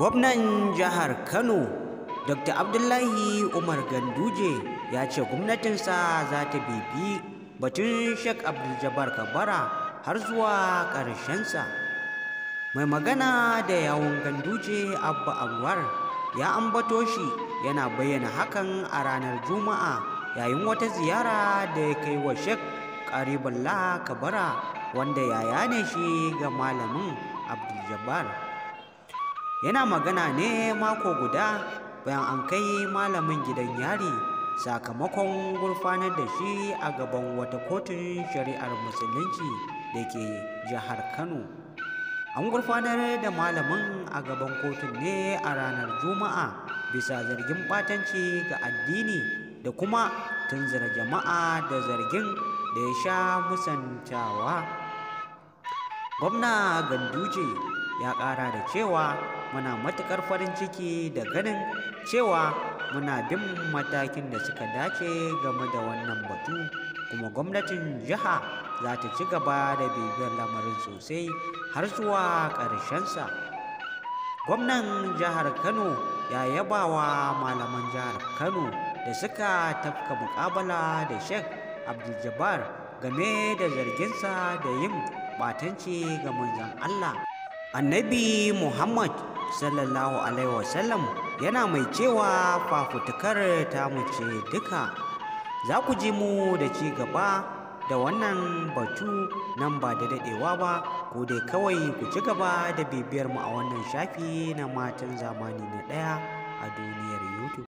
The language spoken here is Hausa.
Gwamnan jihar Kano, Dr. Abdullahi Umar Ganduje ya ce gwamnatinsa za ta bibi batun Sheikh Abdul Jabbar Kabara har zuwa ƙarshensa. Mai magana da yawon Ganduje Abba Anwar ya ambato shi yana bayyana hakan a ranar Juma'a yayin wata ziyara da ya kai wa Sheikh Karibullah Kabara wanda yaya ne shi ga malamin Abdul Jabbar. yana magana ne mako guda bayan an kai malamin gidan yari sakamakon gurfanar da shi a gaban wata kotun shari'ar musulunci da ke jihar kano an gurfanar da malamin a gaban kotun ne a ranar juma'a bisa zargin ɓatanci ga addini da kuma tunzura jama'a da zargin da ya sha musantawa gwamna ganduje ya ƙara da cewa muna matuƙar farin ciki da ganin cewa muna bin matakin da suka dace game da wannan batu kuma gwamnatin jiha za ta ci gaba da bibiyar lamarin sosai har zuwa ƙarshensa gwamnan jihar kano ya yaba wa malaman jihar kano da suka tafka muƙabala da sheikh abdul game da zarginsa da yin batanci ga manzon allah annabi muhammad sallallahu alaihi wasallam yana mai cewa fafutukar ta muce duka za ku ji mu da ci gaba da wannan batu nan ba da daɗewa ba ko dai kawai ku ci gaba da bibiyar mu a wannan shafi na matan zamani na ɗaya a duniyar youtube